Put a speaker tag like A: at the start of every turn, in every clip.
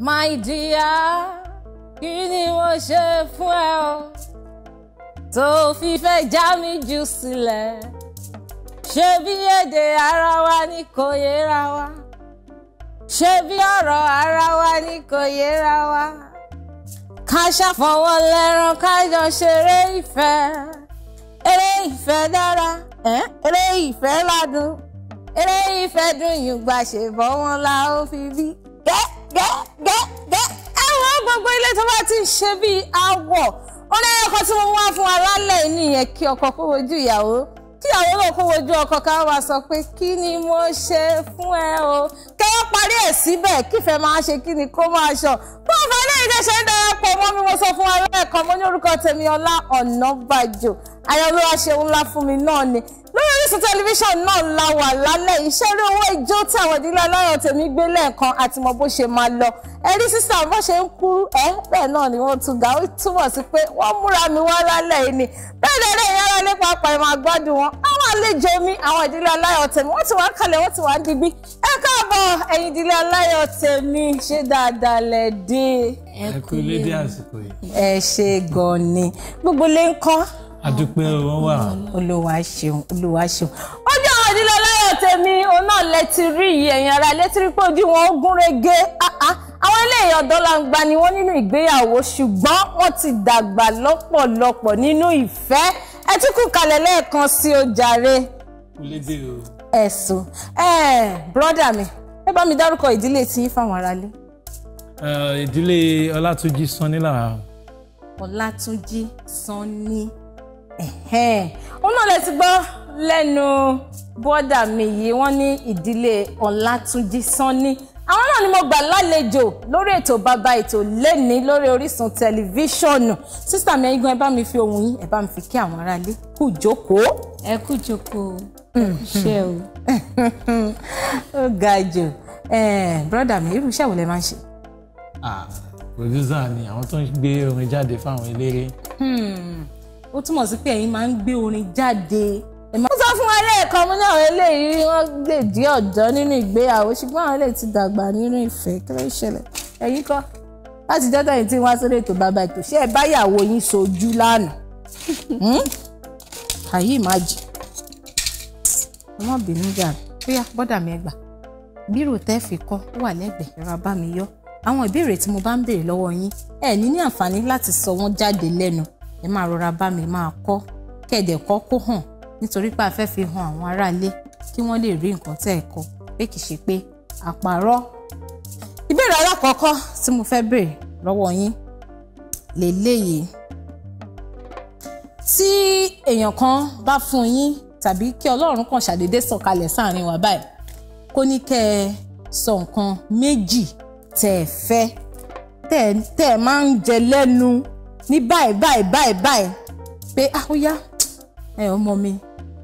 A: my dear kí ni mo ṣe fún ẹ o tó fi fẹ́ já mi jù sílẹ̀ ṣé bí èdè ara wa ni kò yéra wa ṣé bí ọ̀rọ̀ ara wa ni kò yéra wa ká ṣàfọwọ́ lẹ́ran ká jọ ṣeré ìfẹ́ eré ìfẹ́ dára eré ìfẹ́ ládùn eré ìfẹ́ dùn yùngbà ṣèbọ̀ wọn la ó fi bí gẹ́ gẹ́ gẹ́ ẹ̀wọ̀n gbogbo ilé tó bá ti ń ṣe bíi awọ̀ orin ẹ̀kọ́ tí mo wá fún wa lálẹ́ nìyẹn kí ọkọ kó wojú ìyàwó kí àwọn náà kó wojú ọkọ ká wá sọ pé kí ni mo ṣe fún ẹ o kẹ́wọ́ parí ẹ̀ síbẹ̀ kífẹ́ máa ṣe kí ni kó máa ṣọ bó o fẹ́ lẹ́yìn ń darapọ̀ mọ́ mi mo sọ fún wa lẹ́ẹ̀kan mo ní orúkọ tèmi Ọlá Ọ̀nàbàjò ayọ̀lúwa ṣeun ńlá fún mi náà ni lórí Orísun tẹlifíṣàn náà la wà lálẹ́ iṣẹ́ eré owó ijó tí àwọn ìdílé ọlọ́rọ̀ tèmi gbé lẹ́ẹ̀kan àti mọ bó ṣe máa lọ ẹ̀rí sísá bó ṣe ń kú ẹ́ bẹ́ẹ̀ náà ni wọ́n tún ga ó túmọ̀ sí pé wọ́n múra mi wá lálẹ́ yìí ni bẹ́ẹ̀ lẹ́rẹ́ ìyá ara nípa apá ìmọ̀ àgbàdo wọn àwọn àlejò mi àwọn ìdílé ọlọ́rọ̀ tèmi wọ́n ti wá kalẹ̀ wọ́n ti wá digbí ẹ káàbọ̀ ẹ̀yin ìdílé ọlọ́rọ̀ tèmi ṣé dáadáa lẹ dé.
B: ẹ kú lédè àsìkò yìí.
A: ẹ ṣe gan ni gbogbo lè ń kọ́ adúpẹ́ wọn wà. olúwa ṣeun olúwa ṣeun ọjọ́ ìdílé ọlọ́yọ̀ tèmi òun náà lẹ ti rí iye ẹ̀yìn ara lẹ ti rí pé ojú wọn ó gún régé ah, ah. àwọn eléyìí ọ̀dọ́langba ni wọ́n nínú ìgbéyàwó ṣùgbọ́n wọ́n ti dàgbà lọ́pọ̀lọpọ̀ nínú ìfẹ́ ẹ tún kú kalẹ̀ lẹ́ẹ̀kan sí o jàre. lédè o. ẹ̀sùn ẹ̀ẹ́ bọ́dà mi ẹ bá mi dárúkọ ìdílé tí yín fáwọn aráalé.
B: ìdílé ọlátúnjí sanni làwọn.
A: ọlátúnjí sanni òun náà lẹ ti gbọ́ lẹ́nu bọ́dà mi yìí wọ́n ní ìdílé Ọlátúnjí Sanni àwọn náà ni mo gbà lálejò lórí ètò bàbá ètò lẹ́ni lórí Orísun tẹlifíṣọ̀nù sísà mi ẹ̀yin gan ẹ bá mi fi ohùn yín ẹ bá mi fi kí àwọn aráalé kú jókòó. ẹ kú jókòó ẹ kú iṣẹ́ o. ó ga jù bọ́dà mi irú iṣẹ́ wo lẹ máa ń ṣe.
B: producer ni àwọn tó ń gbé orin jáde fáwọn eléré.
A: Hmm ó túmọ̀ sí pé ẹ̀yin máa ń gbé orin jáde. mo sọ fún wa lẹ́ẹ̀kan mo náà eléyìí wọ́n lè di ọ̀dọ́ nínú ìgbéyàwó ṣùgbọ́n àwọn eléyìí ti dàgbà nínú ìfẹ́ kí ló ń ṣẹlẹ̀ ẹ̀yin kọ́ láti jọ́tọ̀ yìí tí wọ́n á sórí ètò bàbá ètò ṣé ẹ báyàwó yín sojú lánàá àyè máa jì ọmọ bínú jà bóyá bọ́dà mi ẹgbà bírò tẹ́ fi kọ́ ó wà lẹ́gbẹ̀ẹ́ ẹ̀rọ abámi yọ àwọn ìbéèrè tí mo bá ń béèrè lọ́wọ́ yín ẹ ní ní àǹfààní láti sọ wọ́n jáde lẹ́nu ẹ máa rọra bá mi máa kọ́ kẹ̀dẹ̀ kọ́ kó hàn nítorí pé a fẹ́ fi hàn àwọn aráalé kí wọ́n lè rí nǹkan tẹ́ ẹ̀ kọ́ pé kì í ṣe pé àpárọ́. ìbéèrè alákọ̀ọ́kọ́ tí mo fẹ́ béèrè lọ́wọ́ yín lélẹ́yìí tí èèyàn kan bá fún yín tàbí kí ọlọ́run kan ṣàdédé sọ̀kalẹ̀ sáàrin wa báyìí kó ní kẹ́ ẹ sọ nǹkan méjì tẹ́ fẹ́ tẹ́ máa ń jẹ lẹ́nu ní báyìí báyìí báyìí báyìí pé àkóyá ah, ẹ ọmọ mi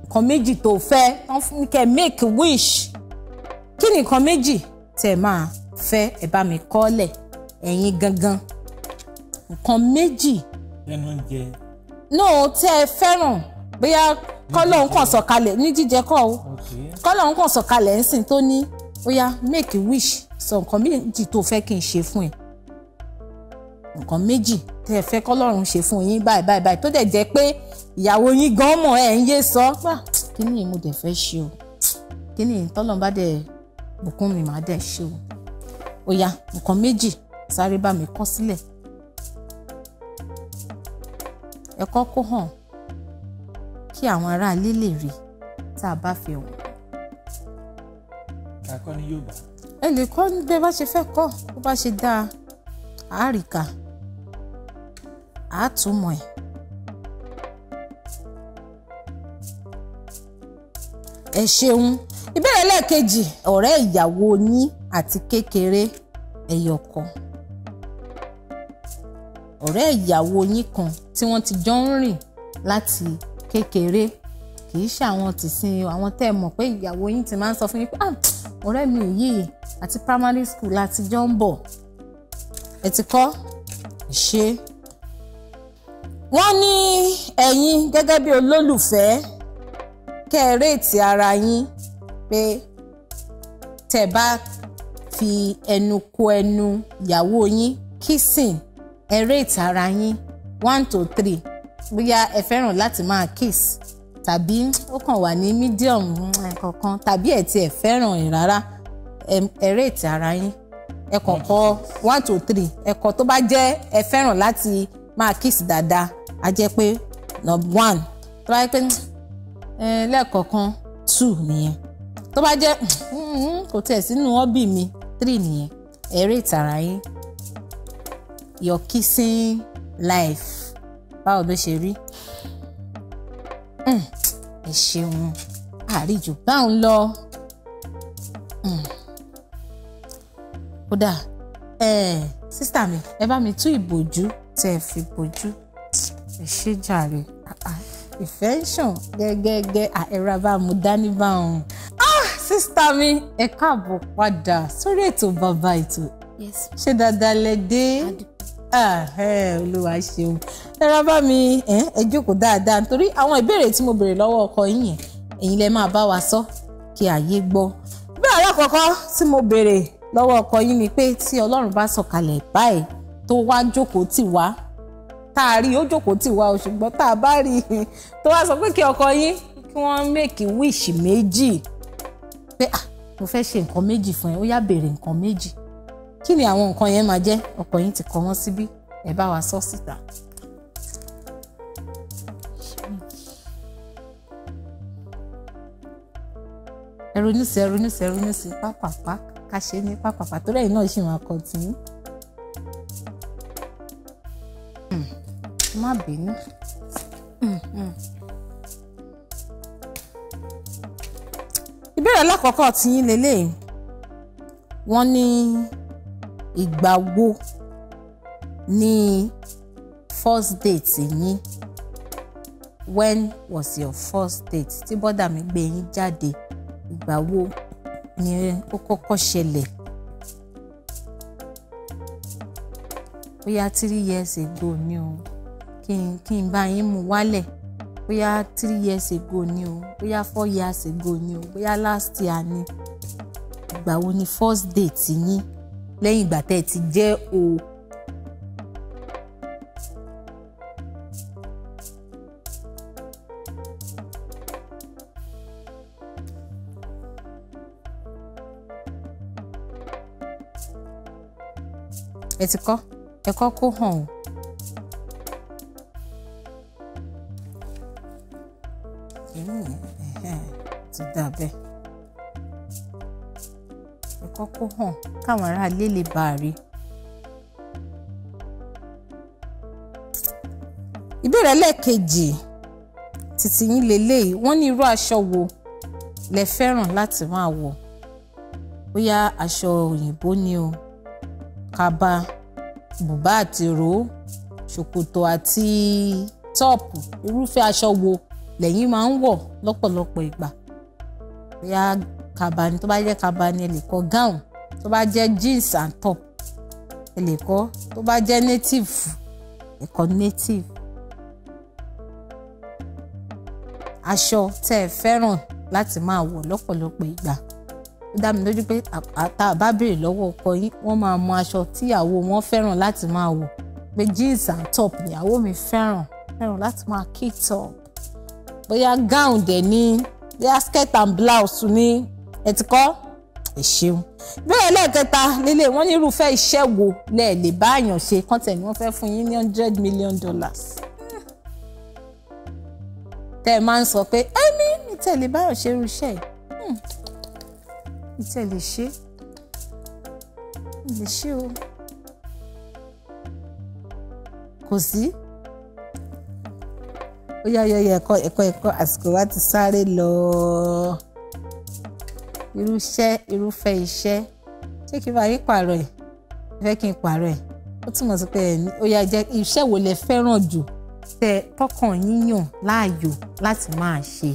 A: nǹkan méjì tó fẹ́ wọ́n make wish kí ni nǹkan méjì tẹ̀ máa fẹ́ ẹ bá mi kọ́lẹ̀ ẹ̀yin gangan nǹkan méjì. lẹ́nu oúnjẹ. no tẹ́ ẹ fẹ́ràn bóyá kọ́lọ̀ ń kàn sọ̀kalẹ̀ ní jíjẹ kọ́ o kọ́lọ̀ ń kàn sọ̀kalẹ̀ ń sìn tó ní bóyá make wish sọ nǹkan méjì tó fẹ́ kí n ṣe fún ẹ nǹkan méjì tẹ́ ẹ fẹ́ kọ́lọ́run ṣe fún yín báyìí báyìí báyìí tó dẹ̀ jẹ́ pé ìyàwó yín gan mọ̀ ẹ̀ ń yé sọ pé kí ni mo dẹ̀ fẹ́ ṣe o kí ni tọ́lọ́n bá dẹ̀ bùkún mi máa dẹ̀ ṣe o ó yá nǹkan méjì sáré bá mi kọ́ sílẹ̀ ẹ̀kọ́ kó hàn kí àwọn aráalé lè rí tá a bá fi wọ̀.
B: kàkọ́ ni yóò bá.
A: ẹ lè kọ́ ní bẹ́ẹ̀ bá ṣe fẹ́ kọ́ bó bá ṣe dáa àríkà atumoe. ẹ̀ ẹ ṣeun ìbéèrè lẹ́ẹ̀kejì ọ̀rẹ́ ìyàwó yín àti kékeré ẹyọ kan ọ̀rẹ́ ìyàwó yín kan tí wọ́n ti jọ ń rìn láti kékeré kì í ṣe àwọn tìsín àwọn tẹ́ ẹ mọ̀ pé ìyàwó yín ti máa ń sọ fún yín pé ah, ọ̀rẹ́ mi yìí àti primary school láti jọ ń bọ̀ ẹ ti kọ́ ṣe. wọ́n ní ẹ̀yin gẹ́gẹ́ bí olólùfẹ́ kẹ́ ẹ réètì ara yín pé tẹ́ bá fi ẹnu kò ẹnu ìyàwó yín kissing ẹ réètì ara yín one to three bóyá ẹ fẹ́ràn láti máa kiss tàbí ó kàn wà ní medium kankan tàbí ẹ tiẹ̀ fẹ́ràn ẹ̀ rárá ẹ réètì ara yín ẹ kọ one to three ẹ̀kọ́ tó bá jẹ́ ẹ fẹ́ràn láti máa kíìsì dáadáa á jẹ́ pé number one tó bá jẹ́ pé lẹ́ẹ̀kọ̀ọ̀kan two nìyẹn tó bá jẹ́ mm-hmm, kò tẹ̀ sínú hobby mi three nìyẹn eré ìtara yín your kissing life báwo ló ṣe rí mm, ẹ ṣeun àríjù báwo ń lọ. Mm kódà sísítà mi ẹ bá mi tú ìbòjú tẹ ẹ fi bòjú ẹ ṣe jàre ìfẹ́ ń ṣàn gẹ́gẹ́gẹ́ ẹ̀rọ abámu dání bá òun ah, sísítà mi ẹ káàbọ̀ padà sórí ètò bàbá ètò ṣé dáadáa lẹ dé ah, olúwa ṣeun ẹ̀rọ bá mi ẹ jókòó dáadáa nítorí àwọn ìbéèrè tí mo béèrè lọ́wọ́ ọkọ yín yẹn èyí lẹ máa bá wa sọ kí àyè gbọ́ bí àárọ̀ kọ̀ọ̀kan tí mo béèrè lọ́wọ́ ọkọ yín ni pé tí ọlọ́run bá sọ̀kalẹ̀ báyìí tó wá jókòó tì wá tá a rí ó jókòó tì wá o ṣùgbọ́n tá a bá rí i tó wá sọ pé kí ọkọ yín kí wọ́n mèkì wíṣì méjì pé ah mo fẹ́ ṣe nǹkan méjì fún ẹ ó yá béèrè nǹkan méjì kí ni àwọn nǹkan yẹn máa jẹ́ ọkọ yín ti kọ wọ́n síbí ẹ bá wa sọ síta. ẹ ronú sí ẹ ronú sí ẹ ronú sí pápápá ká ṣe ní pàpàpà tó lẹ́yìn náà ṣì máa kọ tí. Hmm. má bínú. Hmm, hmm. ìbéèrè alákọ̀ọ́kọ́ tí yín lélẹ́yìn wọ́n ní ìgbà wo ní first date yín when was your first date tí bọ́dà mi gbé yín jáde ìgbà wo yẹn ó kọ́kọ́ ṣẹlẹ̀ bóyá three years ago ni o kí n bá yín mú wálẹ̀ bóyá three years ago ni o bóyá four years ago ni o bóyá last year ni ìgbà wo ni first date yín lẹ́yìn ìgbà tẹ́ ẹ ti jẹ́ o. ẹ ti kọ́ ẹ̀kọ́ kó hàn o. ti dà bẹ́ẹ̀ ẹ̀kọ́ kó hàn káwọn aráalé lè bá a rí. ìbéèrè lẹ́ẹ̀kejì títí yín lélẹ́yìí wọ́n ní irú aṣọ wo lẹ fẹ́ràn láti máa wọ̀ bóyá aṣọ òyìnbó ni o kaba bùbá àti ro ṣòkòtò àti tọ́ọ̀pù irúfẹ́ aṣọ wo lẹ́yìn máa ń wọ̀ lọ́pọ̀lọpọ̀ ìgbà bóyá kaba ni tó bá jẹ́ kaba ni ẹ lè kọ́ gown tó bá jẹ́ jeans and top ẹ lè kọ́ tó bá jẹ́ native ẹ kọ́ native aṣọ tẹ́ ẹ fẹ́ràn láti máa wọ̀ lọ́pọ̀lọpọ̀ ìgbà dá mi lójú pé tá a bá béèrè lọ́wọ́ ọkọ yín wọ́n máa mọ aṣọ tíyàwó wọn fẹ́ràn láti máa wọ̀ pé jeans and top níyàwó mi fẹ́ràn fẹ́ràn láti máa kick top bóyá gown dẹ̀ ní bóyá skirt and blouse ní ẹ̀tìkọ́ ẹ ṣeun bẹ́ẹ̀ lẹ́ẹ̀kẹta lélẹ̀ wọ́n ní irúfẹ́ iṣẹ́ wo lẹ lè bá àyàn ṣe kọ́ńtẹ̀ ni wọ́n fẹ́ fún yín ní hundred million dollars. tẹ́ ẹ máa ń sọ pé ẹ ní mi tẹ̀lé báyọ̀ ṣe irú iṣẹ́ yìí hmm ìtẹ̀ lè ṣe lè ṣe o kò sí ó yá yọ yọ ẹ̀kọ́ ẹ̀kọ́ ẹ̀kọ́ àsìkò wa ti sáré lọ irúṣẹ́ irúfẹ́ iṣẹ́ ṣé kí n bá yí pààrọ̀ ẹ̀ fẹ́ kí n pààrọ̀ ẹ̀ ó túmọ̀ sí pé ẹ̀ní ó yá jẹ́ iṣẹ́ wo lẹ fẹ́ràn jù tẹ tọkàn yíyàn láàyò láti máa ṣe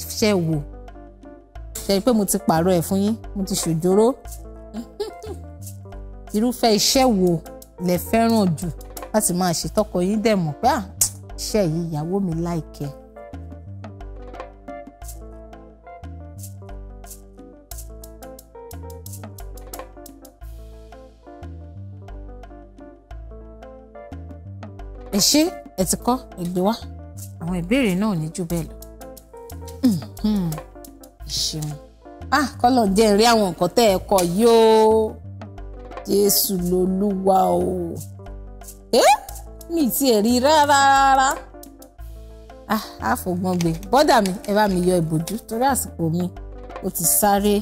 A: iṣẹ́ wo ṣe rí i pé mo ti pààrọ̀ ẹ̀ fún yín mo ti ṣòjóró irúfẹ́ iṣẹ́ wo lẹ fẹ́ràn jù láti máa ṣe tọkọ yín dẹ̀ mọ̀ pé iṣẹ́ yìí ìyàwó mi láìkẹ́. ẹ ṣé ẹ ti kọ́ ẹ gbé wá àwọn ìbéèrè náà ní jù bẹ́ẹ̀ lọ. Hmm, hmm ṣeun ah kọ́lọ̀ jẹ́ rí àwọn nǹkan tẹ́ ẹ kọ́ yóò jésù lolúwa o eh? mi tiẹ̀ rí rárá rárá ah àfọ̀gbọ́n gbé bọ́dà mi ẹ bá mi yọ ìbòjú torí àsìkò mi ó ti sáré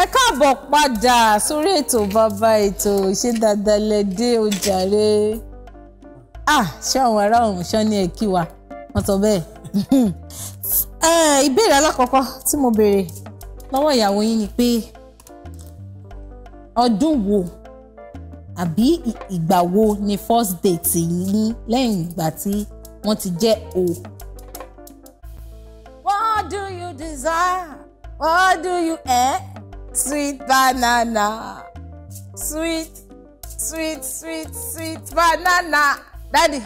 A: ẹ káàbọ̀ padà sórí ètò bàbá ètò ṣé dáadáa lẹ dé ah ṣé àwọn ará ọ̀hún ṣán ní ẹ kí wa wọ́n sọ bẹ́ẹ̀ Eh, ìbéèrè alákọ̀ọ́kọ́ tí mo béèrè lọ́wọ́ ìyàwó yín ni pé ọdún wo àbí ìgbà wo ni first date yìí ní lẹ́yìn ìgbà tí wọ́n ti jẹ́ o. what do you desire what do you eh? sweet banana sweet sweet sweet sweet banana daddy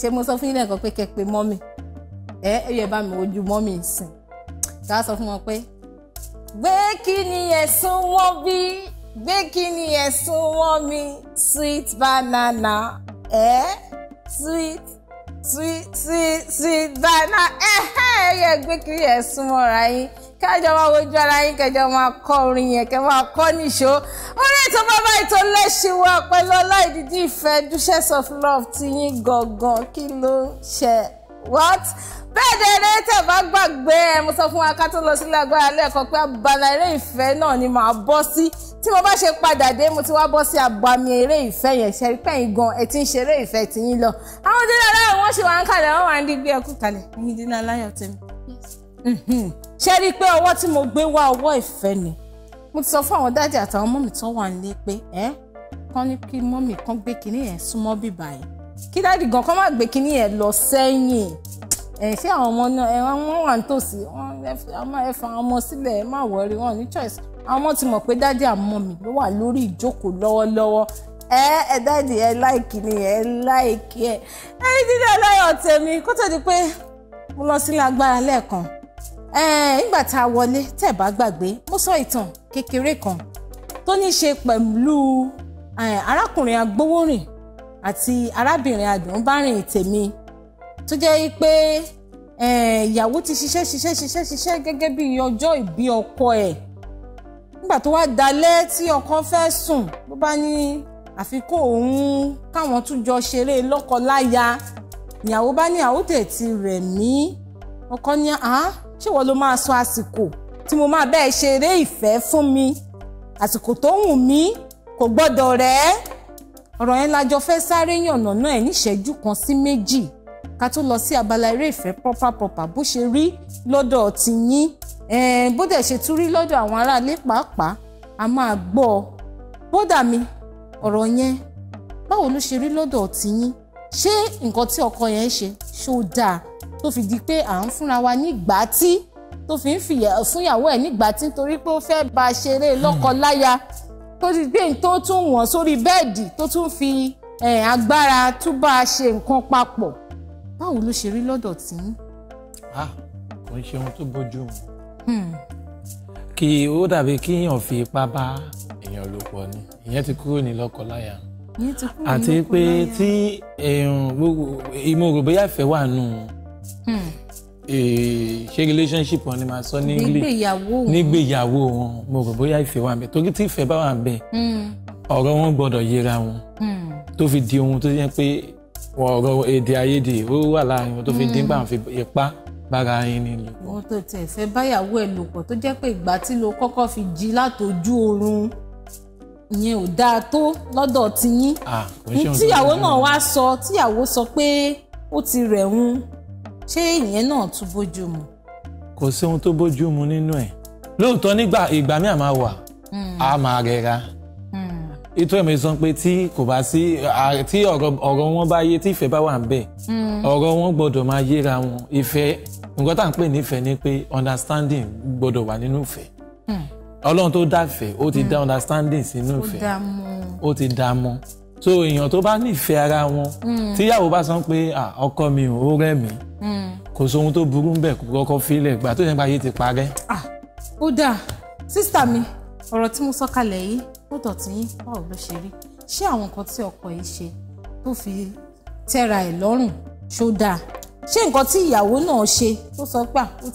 A: ṣé mo sọ fún yín lẹ́ẹ̀kan pé kẹ́ pé mọ́mì ẹ ẹ yẹ bá mi ojú mọ́mì sìn ká sọ fún wọn pé gbé kí ni ẹ̀sùn wọn bí gbé kí ni ẹ̀sùn wọn mi sweet banana ẹ eh? sweet sweet sweet sweet banana ẹ ẹ yẹ gbé kí ni ẹ̀sùn wọn ra yín kẹjọ máa wojú ara yín kẹjọ máa kọ orin yẹn kẹ máa kọ níṣó orí ètò bàbá ètò lẹ́ṣinwá pẹ̀lú ìfẹ́ duchess of love ti yín gangan kí ló ń ṣe what bẹ́ẹ̀ dẹ̀ẹ́dẹ́ tẹ̀ bá gbàgbé ẹ mo sọ fún wa ká tó lọ sílé agbára lẹ́ẹ̀kan pé abala eré ìfẹ́ náà ni màá bọ́ sí tí mo bá ṣe padà dé mo ti wá bọ́ sí agbami eré ìfẹ́ yẹn ṣẹ́rí pẹ́yìn gan ẹ ti ń ṣe eré ìfẹ́ ti yín lọ àwọn dídá aláyọ̀ wọ́n ṣe wà ń kalẹ̀ wọ́n wà ń dígbé ẹkú kalẹ̀ ẹ̀yin dídá aláyọ̀ tẹ̀mí ṣe rí i pé ọwọ́ tí mo gbé wá ọwọ́ ìfẹ́ ni mo ti sọ fún àwọn dáàdì àtàwọn mọ́mì tó wà nílé pé ẹ́ kán ní kí mọ́mì kan gbé kinní yẹn súnmọ́ bíbá yẹn kí dáàdì gan kán má gbé kinní yẹn lọ sẹ́yìn ẹ̀ ṣé àwọn ọmọ náà ẹ̀ wọ́n wà nítòsí ẹ fa ọmọ sílẹ̀ ẹ má wọrí wọn ní choice àwọn ọmọ ti mọ̀ pé dáàdì àmọ́ mi ló wà lórí ìjókòó lọ́wọ́lọ́wọ́ ẹ ẹ dáàdì ẹ láìkì ni ẹ láìkì ẹ ẹ dídá láyọ̀ tèmi kó tó di pé mo lọ sílé agbára lẹ́ẹ̀kan nígbà tá a wọlé tẹ̀ bá gbàgbé mo sọ ìtàn kékeré kan tó ní í ṣe pẹ̀lú arákùnrin agbowórìn àti arábìnrin adùnbárìn tèmi tó jẹ́ pé ìyàwó ti ṣiṣẹ́ ṣiṣẹ́ ṣiṣẹ́ ṣiṣẹ́ gẹ́gẹ́ bí ọjọ́ ìbí ọkọ ẹ̀ nígbà tó wá dalẹ́ tí ọkọ fẹ́ sùn ló bá ní àfikún òun káwọn tún jọ ṣeré lọ́kọ láya ìyàwó bá ní àwòtẹ̀ ti rẹ̀ mí ọkọ ní àá ṣé wọ́n ló máa sọ àsìkò tí mo máa bẹ́ẹ̀ ṣe eré ìfẹ́ fún mi àsìkò tó wù mí kò gbọ́dọ̀ rẹ̀ ẹ́ ọ̀rọ̀ yẹn lájọ fẹ́ sáré yànnàná ẹ̀ níṣẹ́jú kan sí méjì ká tó lọ sí abala eré ìfẹ́ proper proper bó ṣe rí lọ́dọ̀ ti yín bó dẹ̀ ṣe tún rí lọ́dọ̀ àwọn aráalé pàápàá a máa gbọ́ ọ bódà mi ọ̀rọ̀ yẹn báwo ló ṣe rí lọ́dọ̀ ti yín ṣé nǹkan tí ọkọ yẹn ń ṣe ṣó dáa tó fi di pé à ń fúnra wa nígbà tí tó fi ń fìyà fúnyàwó ẹ̀ nígbà tí nítorí pé ó fẹ́ bá a ṣeré lọ́kọ-láya hmm. tó ti gbé tó tún wọ̀n sórí bẹ́ẹ̀dì tó tún fi agbára tún bá a ṣe nǹkan papọ̀ báwo ló ṣe rí lọ́dọ̀ tí.
B: Ah, kò ń ṣe ohun tó bójú mu hmm. kí ó dàbí kíyàn fi ipá bá èèyàn lò pọ̀ ni ìyẹn ti kúrò ní lọ́kọ-láya àti pé tí gbogbo ìmọ̀ òrò bóyá ìfẹ́ wà nù hmm. ṣé relationship wọn ni màá sọ ní English nígbèyàwó wọn mo rò bóyá ìfẹ́ wà bẹ́ẹ̀ torí tí ìfẹ́ bá wà bẹ́ẹ̀ hmm. ọ̀rọ̀ wọn gbọ́dọ̀ yẹra wọn hmm. tó fi di ohun tó yẹ pé ọ̀rọ̀ èdè àìyedè ó wà láàrin wọn tó fi dín báwọn fi ipá bára yín ni lò.
A: wọn tó tẹ̀ fẹ́ báyàwó ẹ̀ lò pọ̀ tó jẹ́ pé ìgbà tí lo kọ́kọ́ fi jí látọjú oorun ìyẹn ò dáa tó lọ́dọ̀ tiyín
B: tíyàwó náà wá
A: sọ tíyàwó sọ pé ó ti rẹ̀ ń ṣé ìyẹn náà tún bójú mu.
B: kò sí ohun tó bójú mu nínú ẹ̀ lóòótọ́ nígbà ìgbà míì àmà wà á hmm. máa rẹra ètò hmm. ẹ̀mí sọ pé tí kò bá sí tí ọ̀rọ̀ wọn bá yé tí ìfẹ́ bá wà ń bẹ̀ hmm. ọ̀rọ̀ wọn gbọ́dọ̀ máa yéra wọn ìfẹ́ nǹkan tá à ń pè nífẹ̀ẹ́ ni pé understanding gbọ́dọ̀ wà nínú ìfẹ́ ọlọ́run tó dáfẹ́ ó ti dá understanding sínú ìfẹ́ ó ti dá hmm. mọ́ so èèyàn tó bá nífẹ̀ẹ́ ara wọn hmm. tíyàwó bá sọ pé ọkọ mi ò rẹ́ mi hmm. kò sóhun tó burú bẹ́ẹ̀ kó kọ́kọ́ fílẹ̀ gbà tó yẹn bá yé ti parẹ́.
A: ó dáa sísítà mi ọ̀rọ̀ tí mo sọ kalẹ̀ yìí ó dọ̀tí yín báwo ló ṣe rí ṣé àwọn nǹkan tí ọkọ yìí ṣe tó fi tẹ́ra ẹ̀ lọ́rùn ṣó dáa ṣé nǹkan tí ìyàwó náà ṣe tó sọ pé